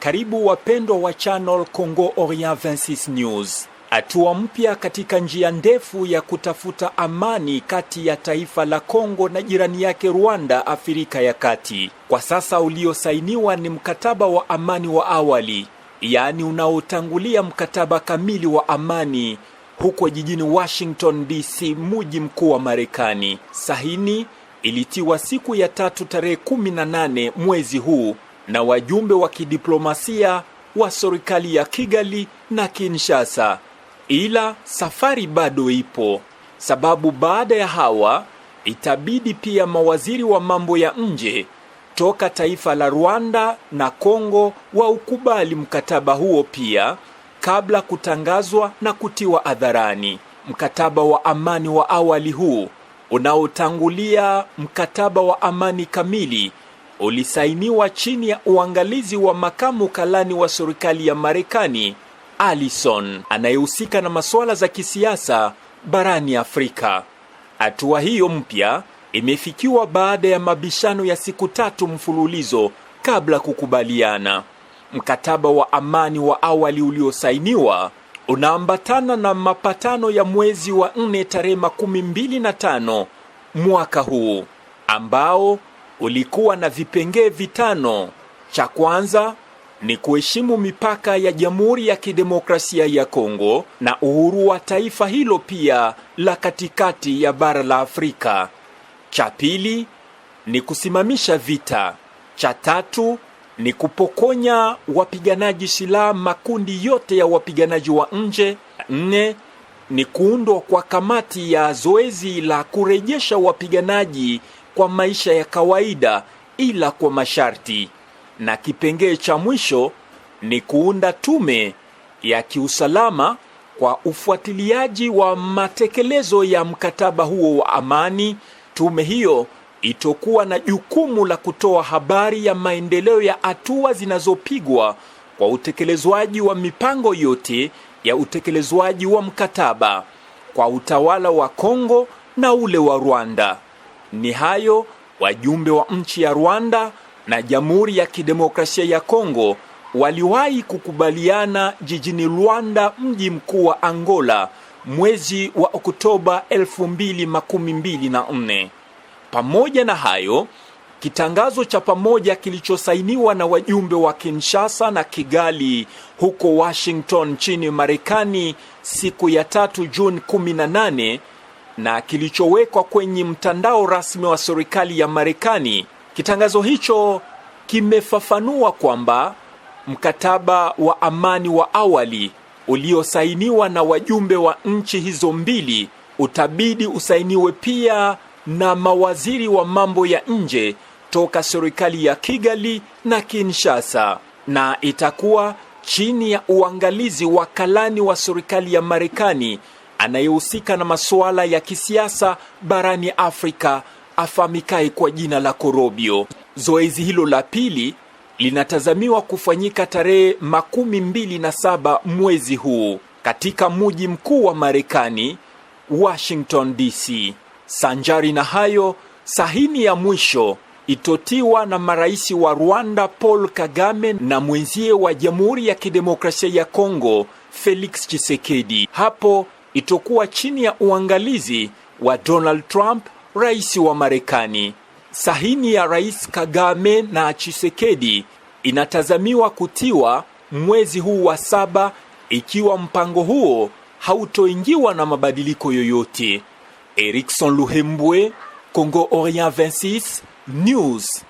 Karibu wapendwa wa channel Congo Orient 26 News. Hatua mpya katika njia ndefu ya kutafuta amani kati ya taifa la Kongo na jirani yake Rwanda, Afrika ya Kati. Kwa sasa uliosainiwa ni mkataba wa amani wa awali, yaani unaotangulia mkataba kamili wa amani huko jijini Washington DC, mji mkuu wa Marekani. Sahini ilitiwa siku ya tatu tarehe 18 mwezi huu na wajumbe wa kidiplomasia wa serikali ya Kigali na Kinshasa, ila safari bado ipo, sababu baada ya hawa itabidi pia mawaziri wa mambo ya nje toka taifa la Rwanda na Kongo ukubali mkataba huo pia kabla kutangazwa na kutiwa hadharani. Mkataba wa amani wa awali huu unaotangulia mkataba wa amani kamili ulisainiwa chini ya uangalizi wa makamu kalani wa serikali ya Marekani Allison anayehusika na masuala za kisiasa barani Afrika. Hatua hiyo mpya imefikiwa baada ya mabishano ya siku tatu mfululizo kabla kukubaliana. Mkataba wa amani wa awali uliosainiwa unaambatana na mapatano ya mwezi wa nne tarehe makumi mbili na tano mwaka huu ambao ulikuwa na vipengee vitano. Cha kwanza ni kuheshimu mipaka ya Jamhuri ya Kidemokrasia ya Kongo na uhuru wa taifa hilo pia la katikati ya bara la Afrika. Cha pili ni kusimamisha vita. Cha tatu ni kupokonya wapiganaji silaha makundi yote ya wapiganaji wa nje. Nne ni kuundwa kwa kamati ya zoezi la kurejesha wapiganaji kwa maisha ya kawaida ila kwa masharti, na kipengee cha mwisho ni kuunda tume ya kiusalama kwa ufuatiliaji wa matekelezo ya mkataba huo wa amani. Tume hiyo itokuwa na jukumu la kutoa habari ya maendeleo ya hatua zinazopigwa kwa utekelezwaji wa mipango yote ya utekelezwaji wa mkataba kwa utawala wa Kongo na ule wa Rwanda. Ni hayo wajumbe wa nchi ya Rwanda na Jamhuri ya Kidemokrasia ya Kongo waliwahi kukubaliana jijini Luanda, mji mkuu wa Angola, mwezi wa Oktoba 2024. Pamoja na hayo, kitangazo cha pamoja kilichosainiwa na wajumbe wa Kinshasa na Kigali huko Washington nchini Marekani siku ya tatu Juni 18 na kilichowekwa kwenye mtandao rasmi wa serikali ya Marekani. Kitangazo hicho kimefafanua kwamba mkataba wa amani wa awali uliosainiwa na wajumbe wa nchi hizo mbili utabidi usainiwe pia na mawaziri wa mambo ya nje toka serikali ya Kigali na Kinshasa, na itakuwa chini ya uangalizi wa kalani wa serikali ya Marekani anayehusika na masuala ya kisiasa barani Afrika afahamikaye kwa jina la Korobio. Zoezi hilo la pili linatazamiwa kufanyika tarehe makumi mbili na saba mwezi huu katika mji mkuu wa Marekani, Washington DC. Sanjari na hayo, sahini ya mwisho itotiwa na marais wa Rwanda Paul Kagame na mwenzie wa Jamhuri ya Kidemokrasia ya Kongo Felix Tshisekedi. Hapo itokuwa chini ya uangalizi wa Donald Trump, rais wa Marekani. Sahini ya Rais Kagame na Tshisekedi inatazamiwa kutiwa mwezi huu wa saba ikiwa mpango huo hautoingiwa na mabadiliko yoyote. Erikson Luhembwe, Congo Orient 26, News.